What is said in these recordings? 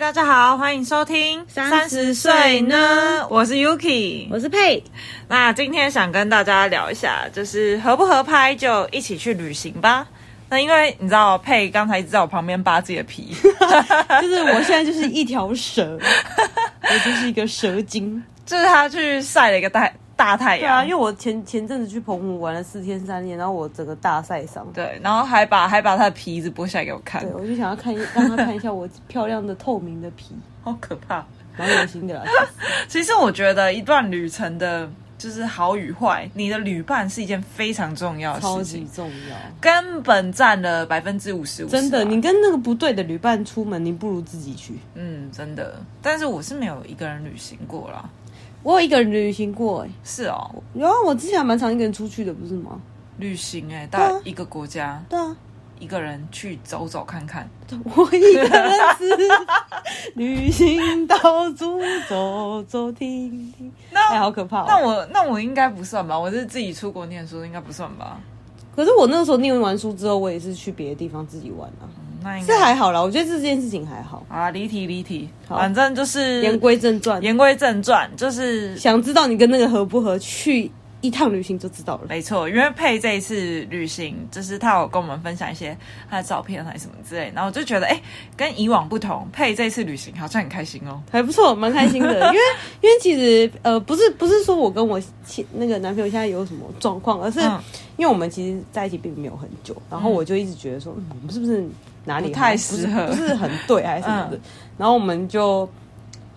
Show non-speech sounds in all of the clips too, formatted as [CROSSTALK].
大家好，歡迎收聽三十歲呢，我是 Yuki，我是佩。那今天想跟大家聊一下，就是合不合拍就一起去旅行吧。那因為你知道佩剛才一直在我旁邊扒自己的皮， [LAUGHS] 就是我現在就是一條蛇， [LAUGHS] 我就是一個蛇精。這是他去曬了一個太大太陽。對啊，因為我前前陣子去澎湖玩了四天三夜，然後我整個大曬傷。對，然後還把還把他的皮子剝下來給我看。對，我就想要看一，讓他看一下我漂亮的透明的皮。 [LAUGHS] 好可怕，蠻噁心的。其實。 [LAUGHS] 其實我覺得一段旅程的就是好與壞，你的旅伴是一件非常重要的事情，超級重要，根本占了百分之五十五。真的，你跟那個不對的旅伴出門，你不如自己去。嗯，真的。但是我是沒有一個人旅行過啦。我有一個人旅行過、欸，哎，是哦？然後我，我之前蠻常一個人出去的，不是嗎？旅行、欸，哎，到一個國家，對啊，一個人去走走看看。我一個人是旅行到處走走停停，那、欸、好可怕、喔那。那我那我應該不算吧？我是自己出國念書，應該不算吧？可是我那個時候念完書之後，我也是去別的地方自己玩啊。這還好啦。我覺得這件事情還好啊。離題離題，離題好反正就是言歸正傳。言歸正傳，就是想知道你跟那個合不合，去一趟旅行就知道了。沒錯，因為配這一次旅行，就是他有跟我們分享一些他的照片還是什麼之類，然後我就覺得，哎、欸，跟以往不同，配這一次旅行好像很開心哦、喔，還不錯，蠻開心的。 [LAUGHS] 因為因為其實呃，不是不是說我跟我那個男朋友現在有什麼狀況，而是因為我們其實在一起並沒有很久，然後我就一直覺得說，我們、嗯嗯、是不是？哪裡不太適合？不是很對還是什麼的？ [LAUGHS] 嗯，然後我們就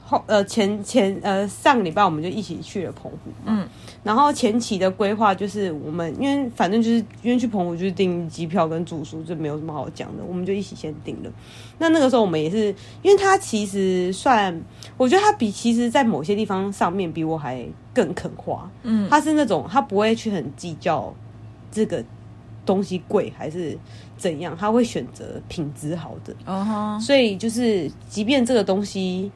後呃前前呃上個禮拜我們就一起去了澎湖。嗯，然後前期的規劃就是我們，因為反正就是因為去澎湖就是訂機票跟住宿，就沒有什麼好講的，我們就一起先訂了。那那個時候我們也是，因為他其實算，我覺得他比，其實在某些地方上面比我還更肯花。嗯，他是那種他不會去很計較這個。東西貴還是怎樣，他會選擇品質好的，uh huh. 所以就是即便這個東西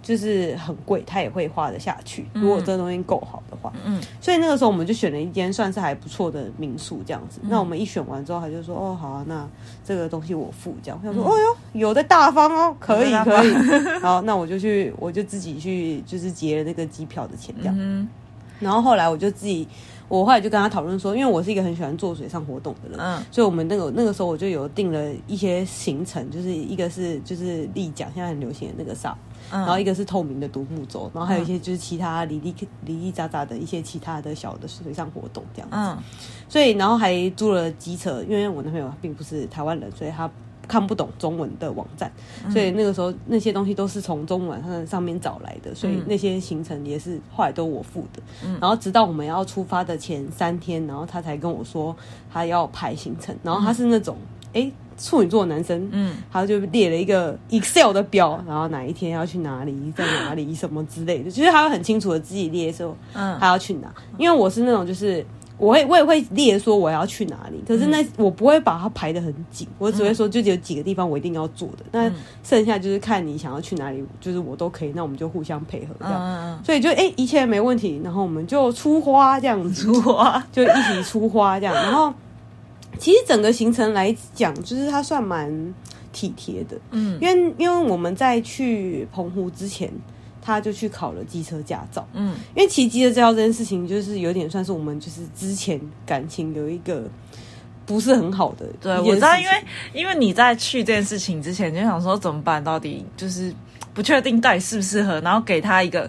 就是很貴，他也會花得下去。如果這東西夠好的話，嗯、uh，huh. 所以那個時候我們就選了一間算是還不錯的民宿這樣子。Uh huh. 那我們一選完之後，他就說：“哦，好啊，那這個東西我付。”這樣他說：“哦喲、uh huh. 哎，有的大方哦，可以 [LAUGHS] 可以。”然後那我就去，我就自己去，就是結了那個機票的錢這樣。Uh huh. 然後後來我就自己。我後來就跟他討論說，因為我是一個很喜歡做水上活動的人，嗯，所以我們那個那個時候我就有訂了一些行程，就是一個是就是立槳，現在很流行的那個 SUP，嗯，然後一個是透明的獨木舟，然後還有一些就是其他零零零零雜雜的一些其他的小的水上活動這樣子，嗯，所以然後還租了機車，因為我男朋友並不是台灣人，所以他。看不懂中文的網站，所以那個時候那些東西都是從中文上上面找來的，所以那些行程也是後來都我付的。然後直到我們要出發的前三天，然後他才跟我說他要排行程。然後他是那種哎、欸、處女座的男生，他就列了一個 Excel 的表，然後哪一天要去哪裡，在哪裡什麼之類的，就是他很清楚的自己列的時候，他要去哪，因為我是那種就是。我會我也會列說我要去哪裡，可是那、嗯、我不會把它排得很緊，我只會說就只有幾個地方我一定要做的，那、嗯、剩下就是看你想要去哪裡，就是我都可以，那我們就互相配合這樣，嗯嗯嗯，所以就哎、欸、一切沒問題，然後我們就出花這樣子出花，就一起出花這樣，然後其實整個行程來講，就是它算蠻體貼的，嗯，因為因為我們在去澎湖之前。他就去考了機車駕照，嗯，因為騎機車駕照這件事情，就是有點算是我們就是之前感情有一個不是很好的，對，我知道，因為因為你在去這件事情之前就想說怎麼辦，到底就是不確定到底適不適合，然後給他一個。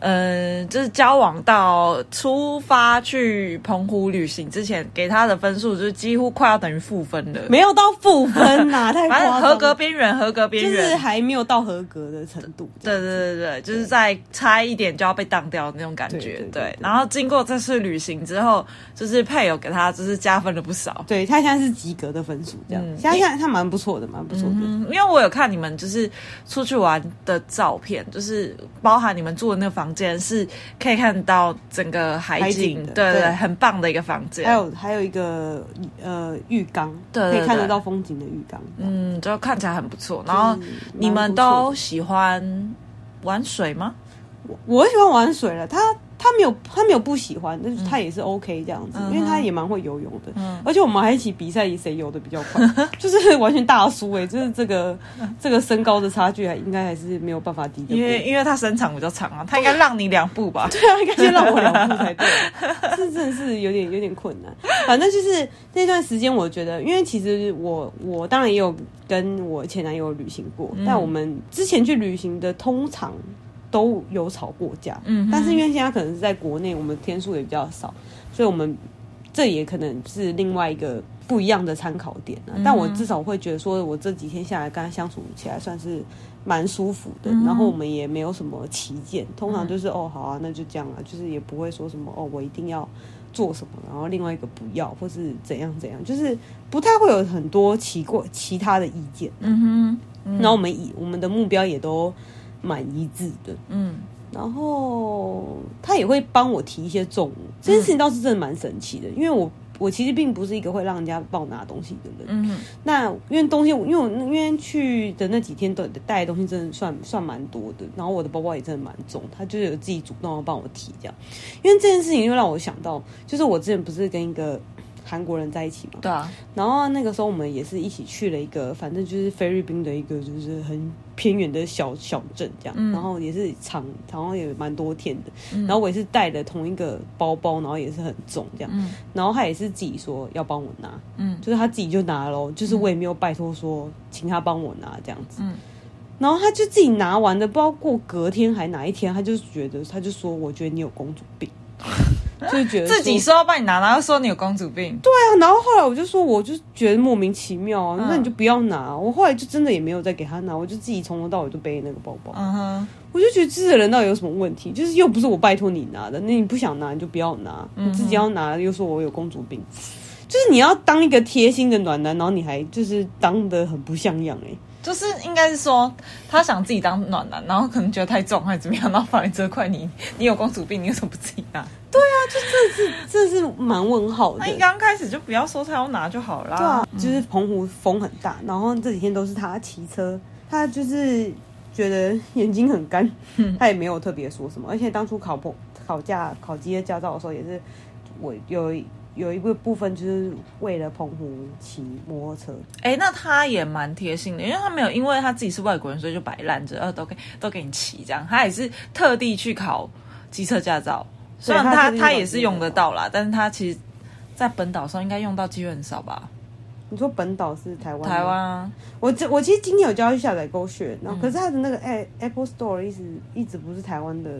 呃、嗯，就是交往到出發去澎湖旅行之前，給他的分數就是幾乎快要等於負分了，沒有到負分吶、啊，太反正合格邊緣，合格邊緣，就是還沒有到合格的程度。對對對對，就是再差一點就要被當掉的那種感覺。對，對，對，對，對，然後經過這次旅行之後，就是配偶給他就是加分了不少。對，他現在是及格的分數，這樣。他、嗯、現在他蠻不錯的，蠻不錯的、嗯。因為我有看你們就是出去玩的照片，就是包含你們住的那個房。房間是可以看到整個海景，海景的，對對，對，很棒的一個房間。還有還有一個呃浴缸，對對對對，可以看得到風景的浴缸，嗯，就看起來很不錯。就是、然後你們都喜歡玩水嗎？我我喜歡玩水了，他。他沒有，他沒有不喜歡，但是他也是 OK 這樣子，嗯、因為他也蠻會游泳的，嗯、而且我們還一起比賽，誰游的比較快，嗯、就是完全大輸，哎、欸，就是這個、嗯、這個身高的差距還，還應該還是沒有辦法敵得過，因為因為他身長比較長啊，他應該讓你兩步吧對？對啊，應該先讓我兩步才對，這 [LAUGHS] 真的是有點有點困難。反、啊、正就是那段時間，我覺得，因為其實我我當然也有跟我前男友旅行過，嗯、但我們之前去旅行的通常。都有吵過架，嗯哼，但是因為現在可能是在國內，我們天數也比較少，所以我們這也可能是另外一個不一樣的參考點、啊。嗯、哼但我至少會覺得說，我這幾天下來跟他相處起來算是蠻舒服的。嗯、哼然後我們也沒有什麼歧見，通常就是哦好啊，那就這樣啊，就是也不會說什麼哦，我一定要做什麼，然後另外一個不要或是怎樣怎樣，就是不太會有很多奇怪其他的意見、啊嗯。嗯哼，那我們以我們的目標也都。蠻一致的，嗯，然後，他也會幫我提一些重物，這件事情倒是真的蠻神奇的，因為我我其實並不是一個會讓人家幫我拿東西的人，嗯哼，那因為東西，因為我因為去的那幾天都帶的東西真的算算蠻多的，然後我的包包也真的蠻重，他就有自己主動要幫我提這樣，因為這件事情又讓我想到，就是我之前不是跟一個。韓國人在一起嘛，對啊。然後那個時候我們也是一起去了一個，反正就是菲律賓的一個，就是很偏遠的小小鎮這樣。嗯、然後也是長，然後也蠻多天的。嗯、然後我也是帶了同一個包包，然後也是很重這樣。嗯、然後他也是自己說要幫我拿，嗯，就是他自己就拿咯、喔、就是我也沒有拜托說請他幫我拿這樣子。嗯、然後他就自己拿完了，不知道過隔天還哪一天，他就覺得他就說，我覺得你有公主病。 [LAUGHS] 就是覺得自己說要幫你拿，然後又說你有公主病。對啊，然後後來我就說，我就覺得莫名其妙、啊，嗯、那你就不要拿。我後來就真的也沒有再給他拿，我就自己從頭到尾都背那個包包。嗯、哼我就覺得這個人到底有什麼問題？就是又不是我拜托你拿的，那你不想拿你就不要拿，嗯、哼你自己要拿又說我有公主病，就是你要當一個貼心的暖男，然後你還就是當得很不像樣誒、欸就是應該是說，他想自己當暖男，然後可能覺得太重還是怎麼樣，然後反過來責怪你。你有公主病，你為什麼不自己拿？對啊，就是這是蠻問號的。他一剛開始就不要說他要拿就好啦。對啊，就是澎湖風很大，然後這幾天都是他騎車，他就是覺得眼睛很乾，他也沒有特別說什麼。嗯。而且當初考博、考駕、考機車駕照的時候，也是我有。有一個部分就是為了澎湖騎摩托車，哎、欸，那他也蠻貼心的，因為他沒有，因為他自己是外國人，所以就擺爛着，呃、啊，都給都給你騎這樣。他也是特地去考機車駕照，雖然他他，他也是用得到啦，喔、但是他其實，在本島上應該用到機會很少吧。你說本島是臺灣？臺灣，啊，我這我其實今天有叫他去下載勾血，然後可是他的那個 A,、嗯、Apple Store 一直一直不是臺灣的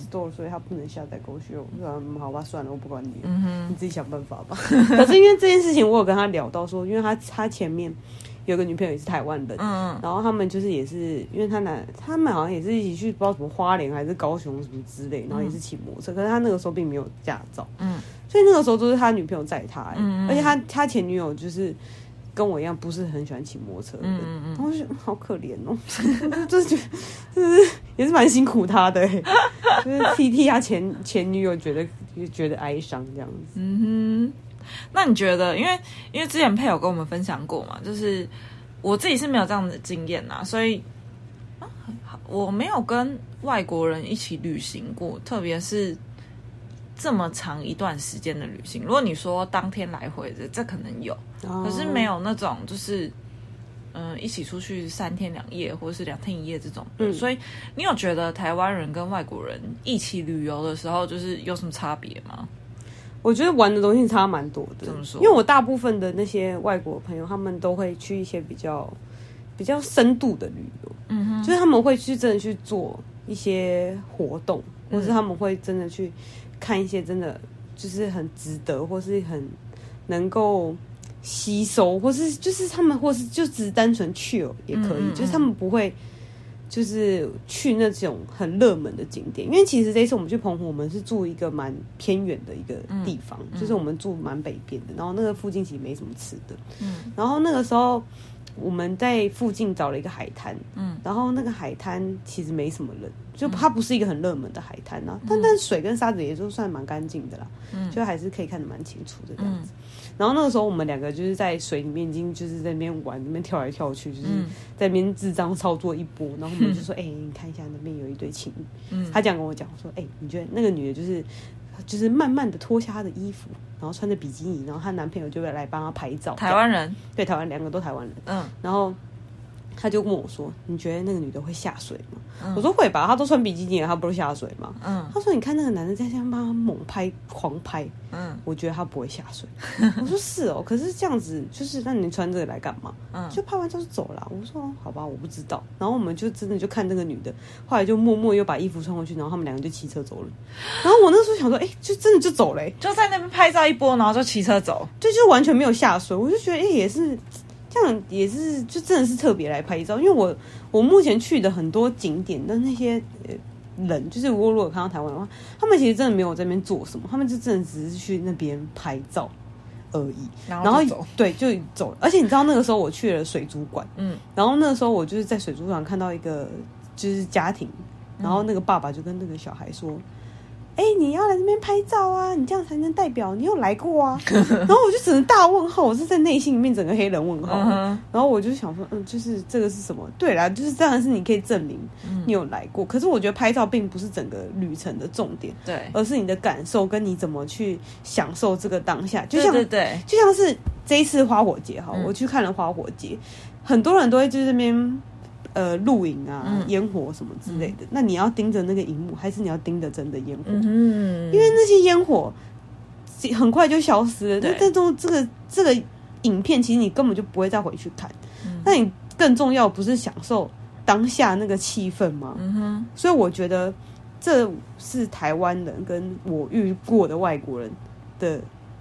store、嗯、所以他不能下載狗血。我說好吧，算了，我不管你，嗯、哼你自己想辦法吧。 [LAUGHS] 可是因為這件事情，我有跟他聊到說，因為他他前面有一個女朋友也是臺灣人，嗯、然後他們就是也是因為他男，他們好像也是一起去不知道什麼花蓮還是高雄什麼之類，然後也是騎摩托車，嗯、可是他那個時候並沒有駕照，嗯、所以那個時候都是他女朋友載他，嗯嗯，而且他他前女友就是。跟我一樣不是很喜歡騎摩托車的嗯嗯嗯，然後好可憐哦， [LAUGHS] 就是覺得就是也是蠻辛苦他的哎，欸，就是替替他前前女友覺得覺得哀傷這樣子。嗯哼，那你覺得？因為因為之前佩有跟我們分享過嘛，就是我自己是沒有這樣的經驗吶，所以啊，我沒有跟外國人一起旅行過，特別是。這麼長一段時間的旅行，如果你說當天來回的，這可能有，oh. 可是沒有那種就是嗯一起出去三天兩夜或者是兩天一夜這種。嗯，所以你有覺得台灣人跟外國人一起旅遊的時候，就是有什麼差別嗎？我覺得玩的東西差蠻多的。怎麼說，因為我大部分的那些外國朋友，他們都會去一些比較比較深度的旅遊，嗯哼，就是他們會去真的去做一些活動，嗯、或者他們會真的去。看一些真的就是很值得，或是很能夠吸收，或是就是他們，或是就只是單純去哦，也可以。嗯嗯嗯，就是他們不會就是去那種很熱門的景點，因為其實這一次我們去澎湖，我們是住一個蠻偏遠的一個地方，嗯嗯，就是我們住蠻北邊的，然後那個附近其實沒什麼吃的。嗯，然後那個時候。我們在附近找了一個海灘，嗯、然後那個海灘其實沒什麼人，嗯、就它不是一個很熱門的海灘啊，嗯、但但是水跟沙子也就算蠻乾淨的啦，嗯、就還是可以看得蠻清楚的這樣子。嗯、然後那個時候我們兩個就是在水裡面已經就是在那邊玩，那邊跳來跳去，就是在那邊智障操作一波。嗯、然後我們就說，哎、嗯欸，你看一下那邊有一對情侶，嗯、他講跟我講我說，哎、欸，你覺得那個女的就是。就是慢慢的脫下她的衣服，然後穿着比基尼，然後她男朋友就會來幫她拍照。台灣人，對，台灣兩個都台灣人。嗯，然後。他就問我說：“你覺得那個女的會下水嗎？”嗯、我說：“會吧，她都穿比基尼，她不都下水嗎？”嗯、他說：“你看那個男的在下面猛拍、狂拍。”嗯、我覺得他不會下水。 [LAUGHS] 我說：“是哦，可是這樣子就是那你穿這裡來幹嘛？”嗯、就拍完照就走了。我說：“好吧，我不知道。”然後我們就真的就看那個女的，後來就默默又把衣服穿回去，然後他們兩個就騎車走了。然後我那時候想說：“哎、欸，就真的就走嘞、欸，就在那邊拍照一波，然後就騎車走，就就完全沒有下水。”我就覺得：“哎、欸，也是。”這樣也是，就真的是特別來拍照。因為我我目前去的很多景點的那些人，就是如果我如果看到台灣的話，他們其實真的沒有在那邊做什麼，他們就真的只是去那邊拍照而已。然後走然後，對，就走。而且你知道，那個時候我去了水族館，嗯，然後那個時候我就是在水族館看到一個就是家庭，然後那個爸爸就跟那個小孩說。哎、欸，你要來這邊拍照啊？你這樣才能代表你有來過啊！ [LAUGHS] 然後我就只能大問號，我是在內心裡面整個黑人問號。嗯、哼然後我就想說，嗯，就是這個是什麼？對啦，就是當然是你可以證明你有來過。嗯、可是我覺得拍照並不是整個旅程的重點，對，而是你的感受跟你怎麼去享受這個當下。就像對，對，對，就像是這一次花火節哈，我去看了花火節，嗯、很多人都會就在這邊。呃，露營啊，煙火什麼之類的，嗯、那你要盯着那個熒幕，還是你要盯着真的煙火？嗯嗯，因為那些煙火很快就消失了。對，這種這個這個影片，其實你根本就不會再回去看。嗯、哼那你更重要不是享受當下那個氣氛嗎？嗯、哼所以我覺得這是台灣人跟我遇過的外國人的。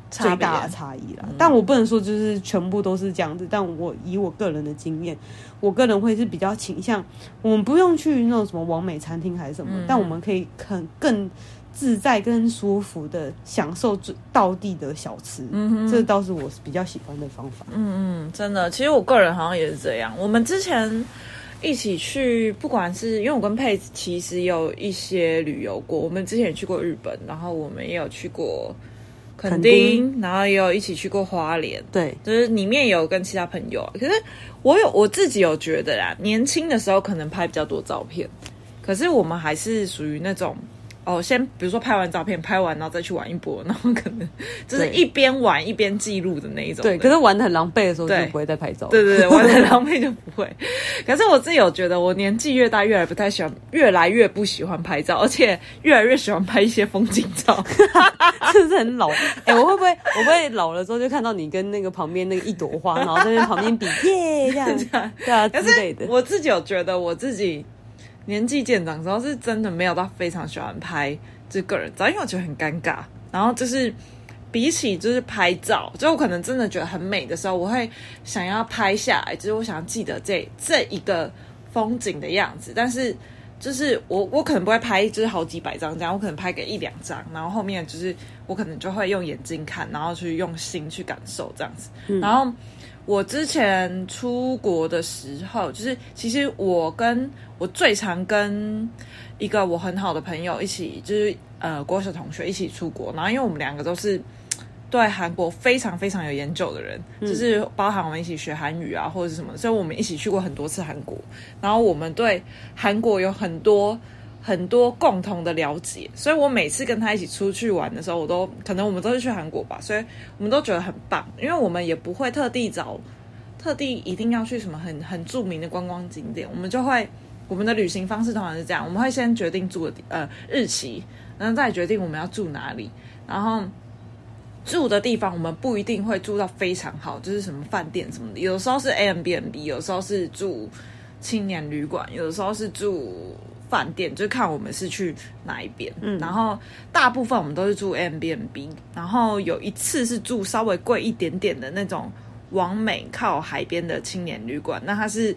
最大的差異啦，嗯、但我不能說就是全部都是這樣子。嗯、但我以我個人的經驗，我個人會是比較傾向，我們不用去那種什麼網美餐廳還是什麼，嗯、但我們可以更更自在、更舒服的享受道地的小吃。嗯哼，這倒是我是比較喜歡的方法。嗯嗯，真的，其實我個人好像也是這樣。我們之前一起去，不管是因為我跟佩奇其實有一些旅遊過，我們之前也去過日本，然後我們也有去過。墾丁，墾丁然後也有一起去過花蓮，對，就是裡面有跟其他朋友。可是我有我自己有覺得啦，年輕的時候可能拍比較多照片，可是我們還是屬於那種。哦，先比如說拍完照片，拍完然後再去玩一波，然後可能就是一邊玩一邊記錄的那一種。對,對，可是玩的很狼狽的時候就不會再拍照。對,對對，玩的很狼狽就不會。 [LAUGHS] 可是我自己有覺得，我年紀越大，越來不太喜歡，越來越不喜歡拍照，而且越來越喜歡拍一些風景照。哈哈哈，是不是很老？哎、欸，我會不會？我會老了之後就看到你跟那個旁邊那個一朵花，然後在那邊旁邊比耶這樣子。對啊，之類的。我自己有覺得，我自己。年紀漸長之後，是真的沒有到非常喜歡拍這個人照，因為我覺得很尷尬。然後就是比起就是拍照，就是我可能真的覺得很美的時候，我會想要拍下來，就是我想要記得這這一個風景的樣子。但是就是我我可能不會拍，就是好幾百張這樣，我可能拍個一兩張。然後後面就是我可能就會用眼睛看，然後去用心去感受這樣子。嗯。然後我之前出國的時候，就是其實我跟我最常跟一個我很好的朋友一起，就是呃，國小同學一起出國。然後，因為我們兩個都是對韓國非常非常有研究的人，嗯、就是包含我們一起學韓語啊，或者是什麼，所以我們一起去過很多次韓國。然後，我們對韓國有很多很多共同的了解，所以我每次跟他一起出去玩的時候，我都可能我們都是去韓國吧，所以我們都覺得很棒，因為我們也不會特地找特地一定要去什麼很很著名的觀光景點，我們就會。我們的旅行方式通常是這樣：我們會先決定住的呃日期，然後再決定我們要住哪裡。然後住的地方我們不一定會住到非常好，就是什麼飯店什麼的。有時候是 Airbnb，有時候是住青年旅館，有的時候是住飯店，就看我們是去哪一邊。嗯、然後大部分我們都是住 Airbnb，然後有一次是住稍微貴一點點的那種往美靠海邊的青年旅館，那它是。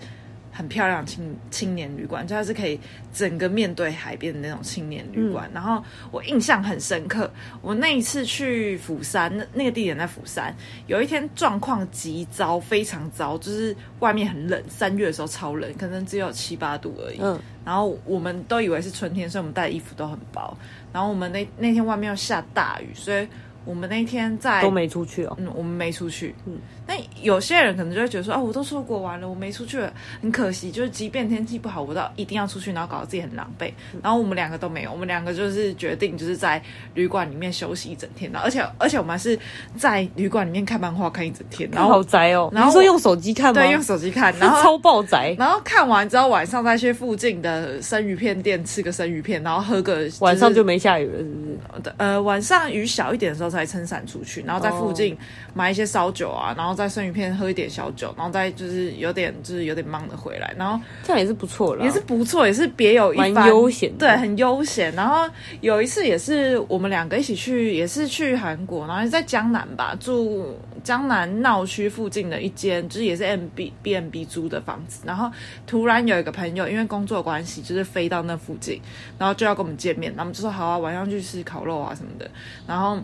很漂亮青、青年旅館，就它是可以整個面對海邊的那種青年旅館。嗯、然後我印象很深刻，我那一次去釜山，那、那個地點在釜山。有一天狀況極糟，非常糟，就是外面很冷，三月的時候超冷，可能只有七八度而已。嗯、然後我們都以為是春天，所以我們帶的衣服都很薄。然後我們那那天外面又下大雨，所以我們那天在都沒出去哦，嗯，我們沒出去，嗯。那有些人可能就會覺得說啊，我都出國玩了，我沒出去了，很可惜。就是即便天氣不好，我都一定要出去，然後搞得自己很狼狽。然後我們兩個都沒有，我們兩個就是決定就是在旅館裡面休息一整天。而且而且我們還是在旅館裡面看漫畫看一整天，然後好宅哦。然後是說用手機看，對，用手機看，然後 [LAUGHS] 超爆宅。然後看完之後，晚上再去附近的生魚片店吃個生魚片，然後喝個、就是。晚上就沒下雨了是不是，呃，晚上雨小一點的時候才撐傘出去，然後在附近買一些燒酒啊，然後。在生魚片喝一點小酒，然後再就是有點就是有點忙的回來，然後這也是不錯了，啊，也是不錯，也是別有一番悠閒，對，很悠閒。然後有一次也是我們兩個一起去，也是去韓國，然後在江南吧，住江南鬧區附近的一間，就是也是 M B B N B 租的房子。然後突然有一個朋友因為工作關係，就是飛到那附近，然後就要跟我們見面，然後我們就說好啊，晚上去吃烤肉啊什麼的，然後。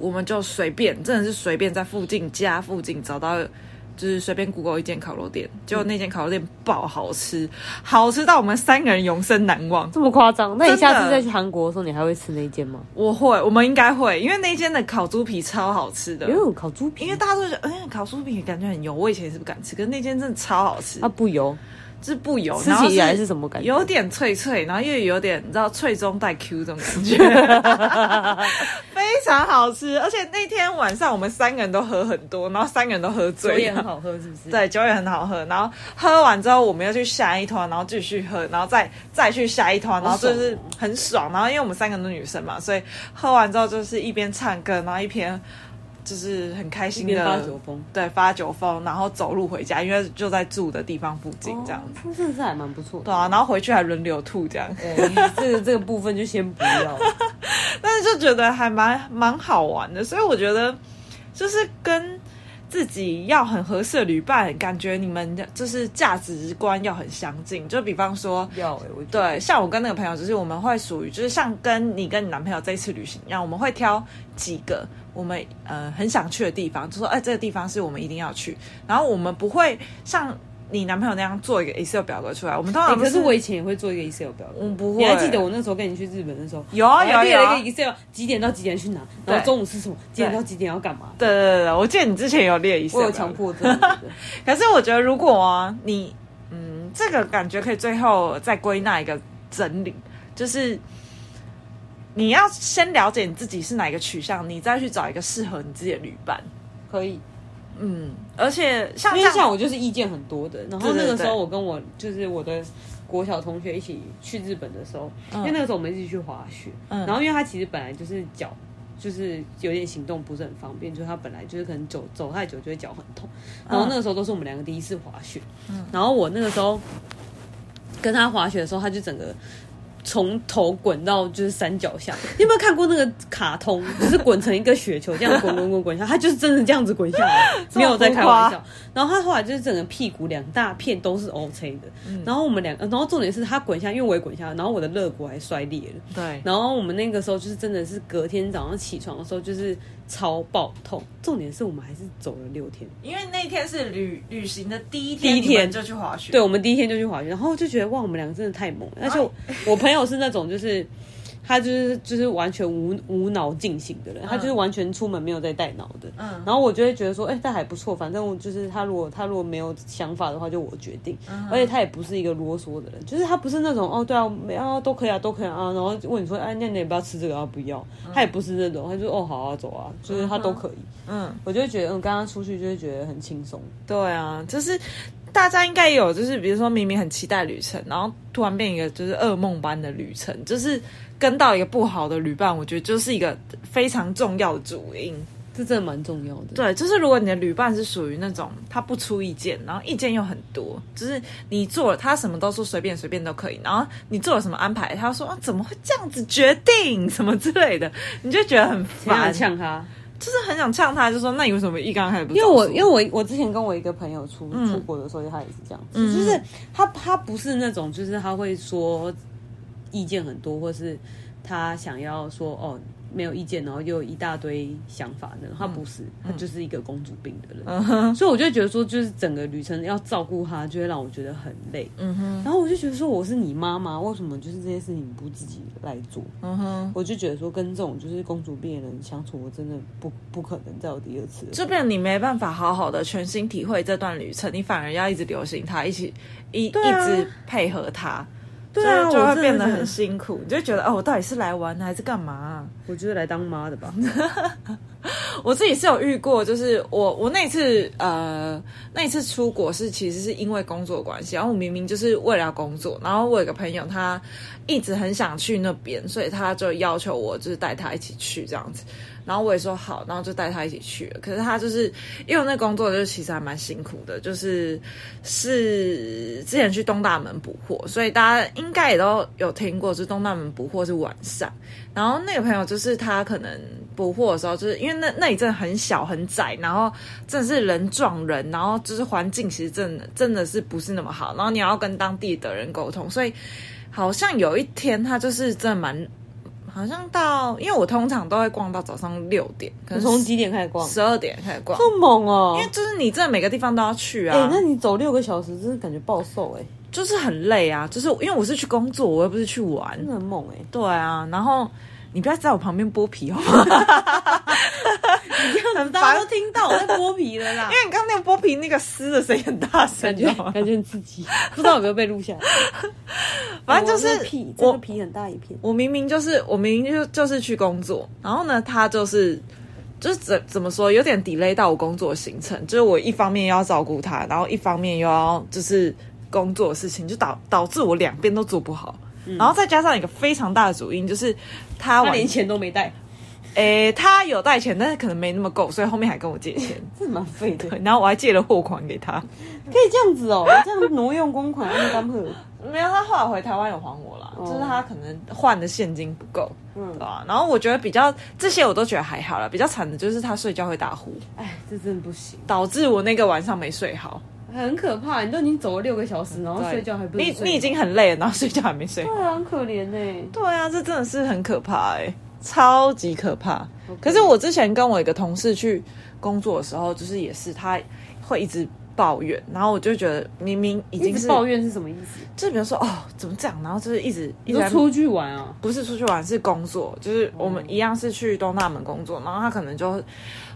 我們就隨便，真的是隨便在附近家附近找到，就是隨便 google 一間烤肉店，結果那間烤肉店爆好吃，好吃到我們三個人永生難忘。這麼誇張？那你下次再去韓國的時候，你還會吃那間嗎？我會，我們應該會，因為那間的烤豬皮超好吃的。喲，烤豬皮？因為大家都覺得，嗯，烤豬皮感覺很油，我以前也是不敢吃，可是那間真的超好吃。它、啊、不油。是不油，吃起來是什麼感覺？有點脆脆，然後又有點，你知道脆中帶 Q 這種感覺， [LAUGHS] [LAUGHS] 非常好吃。而且那天晚上我們三個人都喝很多，然後三個人都喝醉。酒也很好喝，是不是？對，酒也很好喝。然後喝完之後，我們又去下一團，然後繼續喝，然後再再去下一團，然後就是很爽。然後因為我們三個都女生嘛，所以喝完之後就是一邊唱歌，然後一邊。就是很開心的，發酒瘋。對，發酒瘋，然後走路回家，因為就在住的地方附近，這樣子，哦、是還蠻不錯，對啊，然後回去還輪流吐這樣，欸、這個 [LAUGHS] 這個部分就先不要， [LAUGHS] 但是就覺得還蠻蠻好玩的，所以我覺得就是跟自己要很合適的旅伴，感覺你們就是價值觀要很相近，就比方說，欸、對，像我跟那個朋友，就是我們會屬於，就是像跟你跟你男朋友這一次旅行一樣，我們會挑幾個。我們呃很想去的地方，就說哎、欸、這個地方是我們一定要去。然後我們不會像你男朋友那樣做一個 Excel 表格出來。我們通常、欸、可是我以前也會做一個 Excel 表格。嗯，不會。你還記得我那時候跟你去日本的時候？有有、啊、有。我列了一個 Excel，幾點到幾點去哪？啊、然後中午吃什麼？對幾點到幾點要幹嘛？對對對，對，對，對，對我記得你之前有列 Excel 表格。我有強迫症。可是我覺得，如果、哦、你嗯，這個感覺可以最後再歸納一個整理，就是。你要先了解你自己是哪一個取向，你再去找一個適合你自己的旅伴，可以。嗯，而且像因為像我就是意見很多的，嗯、然後那個時候我跟我對對對就是我的國小同學一起去日本的時候，對對對因為那個時候我們一起去滑雪，嗯、然後因為他其實本來就是腳就是有點行動不是很方便，就是他本來就是可能走走太久就會腳很痛，然後那個時候都是我們兩個第一次滑雪、嗯嗯，然後我那個時候跟他滑雪的時候，他就整個。從頭滾到就是山腳下，你有沒有看過那個卡通？只、就是滾成一個雪球這樣滾，滾，滾，滾下， [LAUGHS] 他就是真的這樣子滾下來了，沒有在開玩笑。然後他後來就是整個屁股兩大片都是 O、ok、k 的。嗯、然後我們兩，個，然後重點是他滾下，因為我也滾下，然後我的肋骨還摔裂了。對。然後我們那個時候就是真的是隔天早上起床的時候就是超爆痛，重點是我們還是走了六天，因為那天是旅旅行的第一天，第一天就去滑雪。對，我們第一天就去滑雪，然後就覺得哇，我們兩個真的太猛了，而且我，我朋友 [LAUGHS] 沒有是那種，就是他就是就是完全無無腦進行的人，嗯、他就是完全出門沒有在帶腦的。嗯，然後我就會覺得說，哎、欸，這還不錯，反正我就是他如果他如果沒有想法的話，就我決定。嗯哼，而且他也不是一個囉嗦的人，就是他不是那種哦，對啊，沒啊，都可以啊，都可以啊。然後問你說，哎，那你不要吃這個啊？不要。嗯、他也不是那種，他就哦，好啊，走啊，就是他都可以。嗯哼，我就會覺得，我、嗯、剛剛出去就會覺得很輕鬆。對啊，就是。大家應該有，就是比如說明明很期待旅程，然後突然變一個就是噩夢般的旅程，就是跟到一個不好的旅伴，我覺得就是一個非常重要的主因，這真的蠻重要的。對，就是如果你的旅伴是屬於那種他不出意見，然後意見又很多，就是你做了他什麼都是隨便隨便都可以，然後你做了什麼安排，他說啊怎麼會這樣子決定，什麼之類的，你就覺得很煩，嗆他。就是很想嗆他，就說，那你為什麼一剛開始不因？因為我因為我我之前跟我一個朋友出出國的時候，嗯、他也是這樣子，嗯、就是他他不是那種，就是他會說意見很多，或是他想要說哦。沒有意見，然後又有一大堆想法的他不是。嗯，他就是一個公主病的人，嗯哼，所以我就覺得說，就是整個旅程要照顧他，就會讓我覺得很累。嗯哼，然後我就覺得說，我是你媽媽？為什麼就是這些事情你不自己來做？嗯哼，我就覺得說，跟這種就是公主病的人相處，我真的不不可能再有第二次了。這邊你沒辦法好好的全心體會這段旅程，你反而要一直留心他，一起一、啊、一直配合他。對啊，就會變得很辛苦，你就覺得哦，我到底是來玩還是幹嘛啊？我就是來當媽的吧。 [LAUGHS] 我自己是有遇過，就是我我那一次呃那一次出國是其實是因為工作關係，然後我明明就是為了要工作，然後我有個朋友他一直很想去那邊，所以他就要求我就是帶他一起去這樣子。然後我也說好，然後就帶他一起去了。可是他就是，因為那個工作就其實還蠻辛苦的，就是是之前去東大門補貨，所以大家應該也都有聽過，就是東大門補貨是晚上。然後那個朋友就是他，可能補貨的時候，就是因為那那裡真的很小很窄，然後真的是人撞人，然後就是環境其實真的真的是不是那麼好，然後你要跟當地的人溝通，所以好像有一天他就是真的蠻。好像到，因為我通常都會逛到早上六點，可能我從幾點開始逛？十二點開始逛，這麼猛哦、喔！因為就是你在每個地方都要去啊。哎、欸，那你走六個小時，真是感覺暴瘦哎、欸，就是很累啊，就是因為我是去工作，我又不是去玩，真的很猛哎、欸。對啊，然後你不要在我旁邊剝皮好嗎？ [LAUGHS] 很大，大家都聽到我在剝皮了啦。很煩 [LAUGHS] 因為你剛那個剝皮那個撕的聲音很大聲，感覺感覺你自己 [LAUGHS] 不知道有沒有被錄下來。 [LAUGHS] 反正就是皮整個、就是、皮很大一片。我，我明明就是我明明就就是，去工作，然後呢，他就是就是怎怎麼說，有點 delay 到我工作的行程。就是我一方面要照顧他，然後一方面又要就是工作的事情，就導導致我兩邊都做不好。嗯、然後再加上一個非常大的主因，就是他，他連錢都沒帶。誒、欸，他有帶錢，但是可能沒那麼夠，所以後面還跟我借錢，這蠻費的。然後我還借了貨款給他，可以這樣子哦、喔，這樣挪用公款，那麼 [COUGHS] 沒,沒有他後來回台灣有還我啦。哦、就是他可能換的現金不夠，嗯、啊、然後我覺得比較這些我都覺得還好了，比較慘的就是他睡覺會打呼，哎，這真的不行，導致我那個晚上沒睡好，很可怕、欸。你都已經走了六個小時，然後睡覺還不能睡，你、你已經很累了，然後睡覺還沒睡好，對啊、很可憐哎、欸，對啊，這真的是很可怕哎、欸。超級可怕，Okay. 可是我之前跟我一個同事去工作的時候，就是也是他會一直抱怨，然後我就覺得明明已經是抱怨是什麼意思？就比如說哦，怎麼這樣？然後就是一直一直出去玩啊？不是出去玩，是工作。就是我們一樣是去東大門工作，然後他可能就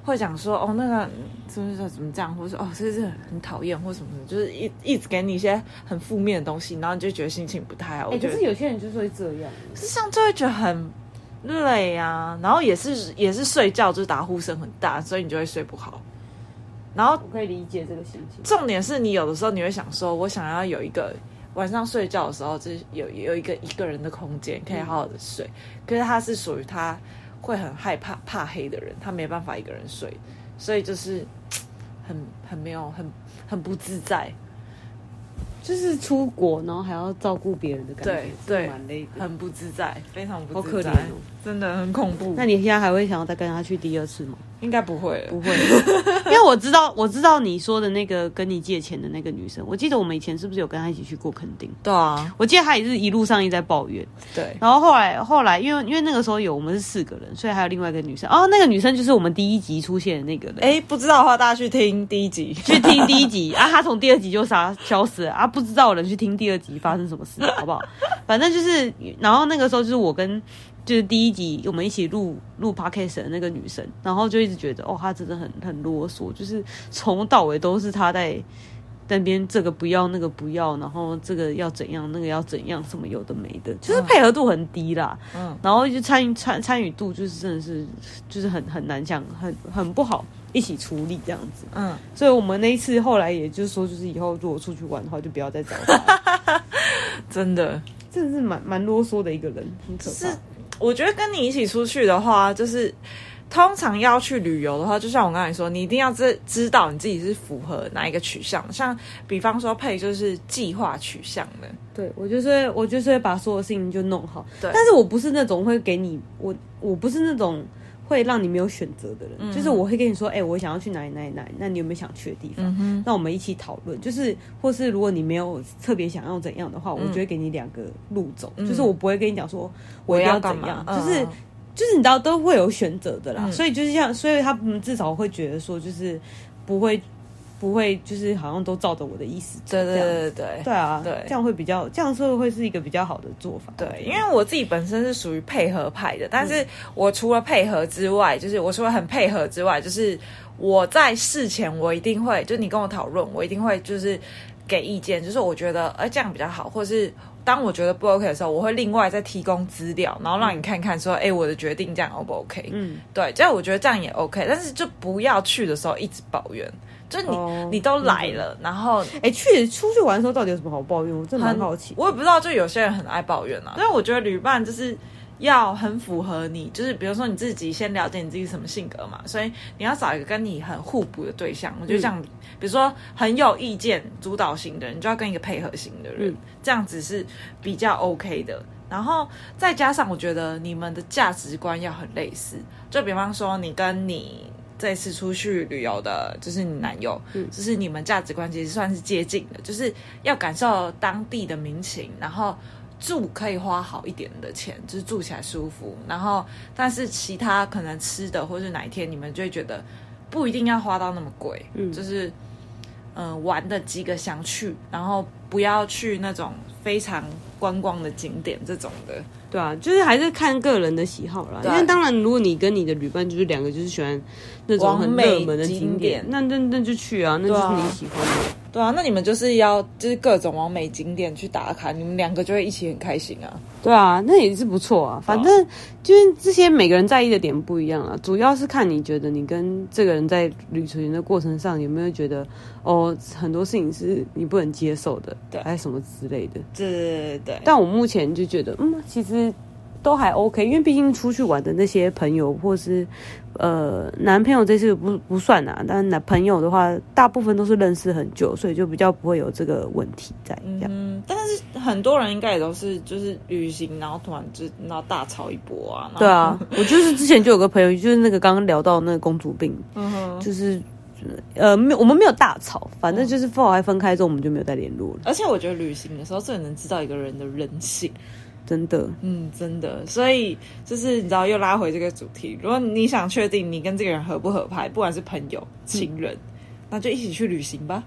會講說哦，那個就是，是怎麼這樣？或者說哦，是這是很討厭，或什麼，什麼？就是一一直給你一些很負面的東西，然後你就覺得心情不太好。哎、欸，就是有些人就是會這樣，是這樣就會覺得很。對呀、啊，然後也是也是睡覺，就是打呼聲很大，所以你就會睡不好。然後可以理解這個心情。重點是你有的時候你會想說，我想要有一個晚上睡覺的時候，就有有一個一個人的空間，可以好好的睡。嗯、可是他是屬於他會很害怕怕黑的人，他沒辦法一個人睡，所以就是很很沒有很很不自在。就是出國然後還要照顧別人的感覺，對，很不自在，非常不自在，好可憐哦。真的很恐怖。那你現在還會想要再跟他去第二次嗎？應該不會了，不會了， [LAUGHS] 因為我知道，我知道你說的那個跟你借錢的那個女生，我記得我們以前是不是有跟他一起去過墾丁？對啊，我記得他也是一路上一直在抱怨。對，然後後來後來，因為因為那個時候有我們是四個人，所以還有另外一個女生。哦，那個女生就是我們第一集出現的那個人。哎、欸，不知道的話，大家去聽第一集， [LAUGHS] 去聽第一集。啊，他從第二集就啥消失了啊！不知道的人去聽第二集發生什麼事，好不好？ [LAUGHS] 反正就是，然後那個時候就是我跟。就是第一集我們一起錄錄 podcast 的那個女生，然後就一直覺得哦，她真的很很囉嗦，就是從到尾都是她在那邊這個不要那個不要，然後這個要怎樣那個要怎樣，什麼有的沒的，就是配合度很低啦。嗯，然後就參與參參與度就是真的是就是很很難講，很很不好一起處理這樣子。嗯，所以我們那一次後來也就是說就是以後如果出去玩的話就不要再找他了， [LAUGHS] 真的，真的是蠻蠻囉嗦的一個人，很可怕。怕我覺得跟你一起出去的話，就是通常要去旅遊的話，就像我剛才說，你一定要知知道你自己是符合哪一個取向的。像比方說，配就是計劃取向的，對，我就是會，我就是會把所有事情就弄好，對。但是我不是那種會給你，我我不是那種。會讓你沒有選擇的人，嗯、哼就是我會跟你說，哎、欸，我想要去哪裡，哪裡，哪裡？那你有沒有想去的地方？那、嗯、哼我們一起討論。就是，或是如果你沒有特別想要怎樣的話，嗯、我就會給你兩個路走。嗯、就是我不會跟你講說我要怎樣，嗯、就是，就是你知道都會有選擇的啦。嗯、所以就是像，所以他們至少會覺得說，就是不會。不會，就是好像都照着我的意思的。這對對對對，對啊，對，這樣會比較這樣做會是一個比較好的做法。對，對，因為我自己本身是屬於配合派的，但是我除了配合之外，嗯、就是我除了很配合之外，就是我在事前我一定會，就你跟我討論，我一定會就是。給意見，就是我覺得，哎、欸，這樣比較好，或者是當我覺得不 OK 的時候，我會另外再提供資料，然後讓你看看說，哎、嗯欸，我的決定這樣 O 不 OK？嗯，對，這樣我覺得這樣也 OK，但是就不要去的時候一直抱怨，就你、oh, 你都來了，okay. 然後哎、欸、去出去玩的時候到底有什麼好抱怨？我真的很好奇很，我也不知道，就有些人很愛抱怨啊，所以我覺得旅伴就是。要很符合你，就是比如說你自己先了解你自己是什麼性格嘛，所以你要找一個跟你很互補的對象。我覺得這樣，比如說很有意見、主導型的人，就要跟一個配合型的人，嗯、這樣子是比較 OK 的。然後再加上，我覺得你們的價值觀要很類似。就比方說，你跟你這次出去旅遊的就是你男友，嗯、就是你們價值觀其實算是接近的，就是要感受當地的民情，然後。住可以花好一點的錢，就是住起來舒服。然後，但是其他可能吃的，或是哪一天你們就會覺得不一定要花到那麼貴，嗯、就是嗯、呃、玩的幾個想去，然後不要去那種非常觀光的景點這種的。對啊，就是還是看個人的喜好啦。啊、因為當然，如果你跟你的旅伴就是兩個就是喜歡那種很熱門的景點，景點那那那就去啊，那就是你喜歡的。對啊，那你們就是要就是各種網美景點去打卡，你們兩個就會一起很開心啊。對啊，那也是不錯啊。反正、oh. 就是這些每個人在意的點不一樣啊，主要是看你覺得你跟這個人在旅程的過程上有沒有覺得哦，很多事情是你不能接受的，對，還是什麼之類的。對對，對對。但我目前就覺得，嗯，其實。都還 OK，因為畢竟出去玩的那些朋友，或是呃男朋友這次不不算啦，啊。但男朋友的話，大部分都是認識很久，所以就比較不會有這個問題在這樣。嗯，但是很多人應該也都是就是旅行，然後突然就，然後大吵一波啊。對啊，我就是之前就有個朋友， [LAUGHS] 就是那個剛剛聊到那個公主病，嗯、哼就是呃沒有，我們沒有大吵，反正就是分完分開之後，嗯、我們就沒有再聯絡了。而且我覺得旅行的時候最能知道一個人的人性。真的，嗯，真的，所以就是你知道，又拉回這個主題。如果你想確定你跟這個人合不合拍，不管是朋友、情人，嗯、那就一起去旅行吧。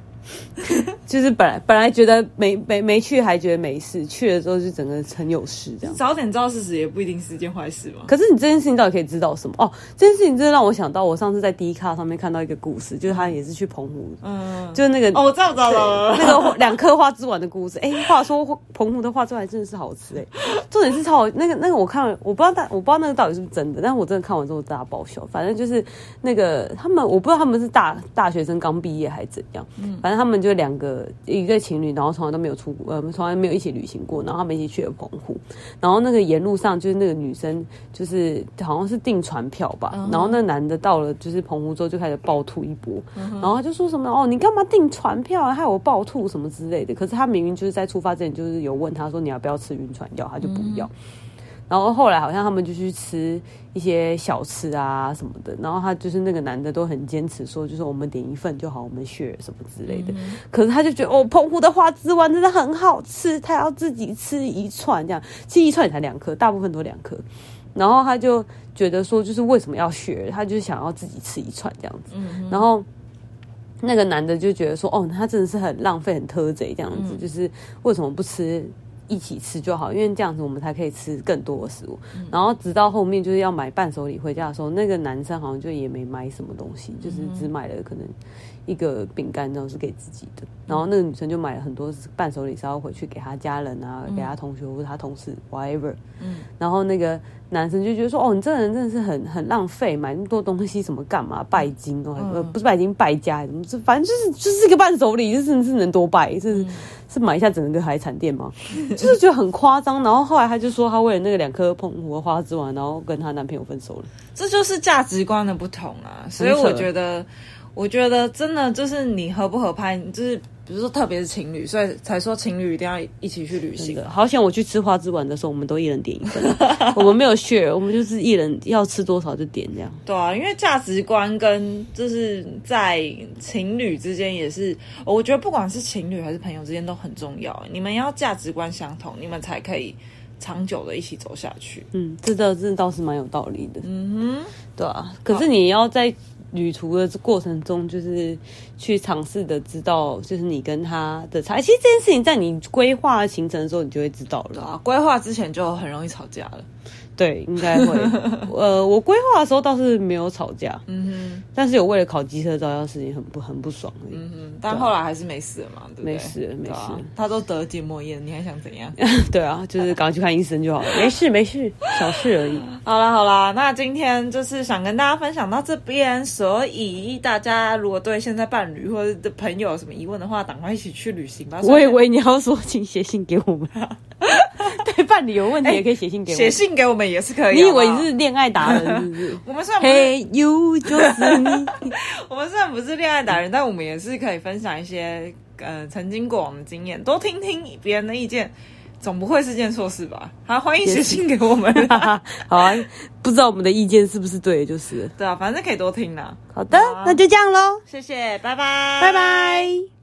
[LAUGHS] 就是本來本來覺得沒沒沒去還覺得沒事，去了之後就整個很有事這樣。早點知道事實也不一定是一件壞事嘛。可是你這件事情到底可以知道什麼？哦，這件事情真的讓我想到，我上次在 D 卡上面看到一個故事，就是他也是去澎湖的，嗯，就是那個哦，我知道，知道那個兩顆花枝丸的故事。哎、欸，話說澎湖的花枝丸還真的是好吃哎、欸，重點是超好。那個那個，我看我不知道，我不知道那個到底是不是真的，但是我真的看完之後大爆笑。反正就是那個他們，我不知道他們是大大學生剛畢業還是怎樣，嗯。反正他們就兩個一對情侶，然後從來都沒有出過，呃，從來沒有一起旅行過，然後他們一起去了澎湖，然後那個沿路上就是那個女生，就是好像是訂船票吧，uh huh. 然後那男的到了就是澎湖州就開始暴吐一波，uh huh. 然後他就說什麼哦，你幹嘛訂船票啊，害我暴吐什麼之類的，可是他明明就是在出發之前就是有問他說你要不要吃暈船藥，他就不要。Uh huh. 然後後來好像他們就去吃一些小吃啊什麼的，然後他就是那個男的都很堅持說，就是我們點一份就好，我們 share 什麼之類的。可是他就覺得哦，澎湖的花枝丸真的很好吃，他要自己吃一串這樣，吃一串也才兩顆，大部分都兩顆。然後他就覺得說，就是為什麼要 share？他就想要自己吃一串這樣子。嗯嗯。然後那個男的就覺得說，哦，他真的是很浪費，很偷賊這樣子，嗯、就是為什麼不吃？一起吃就好，因為這樣子我們才可以吃更多的食物。嗯、然後直到後面就是要買伴手禮回家的時候，那個男生好像就也沒買什麼東西，就是只買了可能一個餅乾，然後是給自己的。嗯、然後那個女生就買了很多伴手禮，稍微回去給她家人啊，給她同學或者她同事、嗯、，whatever。嗯、然後那個。男生就覺得說，哦，你這個人真的是很很浪費，買那麼多東西，什麼幹嘛？拜金、嗯、哦，不是拜金，敗家，反正就是就是一個伴手禮，就是是能多拜，是、嗯、是買一下整個海產店嗎？ [LAUGHS] 就是覺得很誇張。然後後來他就說，他為了那個兩顆澎湖花枝丸，然後跟他男朋友分手了。這就是價值觀的不同啊，所以我覺得，扯我覺得真的就是你合不合拍，就是。比如說，特別是情侶，所以才說情侶一定要一起去旅行。的好像我去吃花枝丸的時候，我們都一人點一份， [LAUGHS] 我們沒有 share，我們就是一人要吃多少就點這樣。對啊，因為價值觀跟就是在情侶之間也是，我覺得不管是情侶還是朋友之間都很重要。你們要價值觀相同，你們才可以長久的一起走下去。嗯，這倒這倒是蠻有道理的。嗯哼，對啊。可是你要在旅途的過程中，就是。去嘗試的，知道就是你跟他的差。其實這件事情在你規劃行程的時候，你就會知道了。啊，規劃之前就很容易吵架了。對，應該會。 [LAUGHS] 呃，我規劃的時候倒是沒有吵架。嗯哼。但是有為了考機車照的事情很不很不爽。嗯哼，但後來還是沒事了嘛，對不對？沒事沒事，啊。他都得結膜炎，你還想怎樣？ [LAUGHS] 對啊，就是趕快去看醫生就好了。 [LAUGHS] 沒事沒事，小事而已。 [LAUGHS] 好啦好啦，那今天就是想跟大家分享到這邊，所以大家如果對現在辦理，或者朋友有什麼疑問的話，趕快一起去旅行吧。我以為你要說，請寫信給我們、啊。 [LAUGHS] 對，伴侶有問題也可以寫信給我、欸、信給我們，寫信給我們也是可以。你以為你是戀愛達人是不是？ [LAUGHS] 我們雖然不是，hey, you, [LAUGHS] 我們雖然不是戀愛達人，但我們也是可以分享一些呃曾經過往的經驗，多聽聽別人的意見。總不會是件錯事吧？好、啊，歡迎寫信給我們。現行 [LAUGHS] 好啊， [LAUGHS] 不知道我們的意見是不是對，就是對啊，反正可以多聽啦。好的，好啊、那就這樣嘍。謝謝，拜拜，拜拜。拜拜。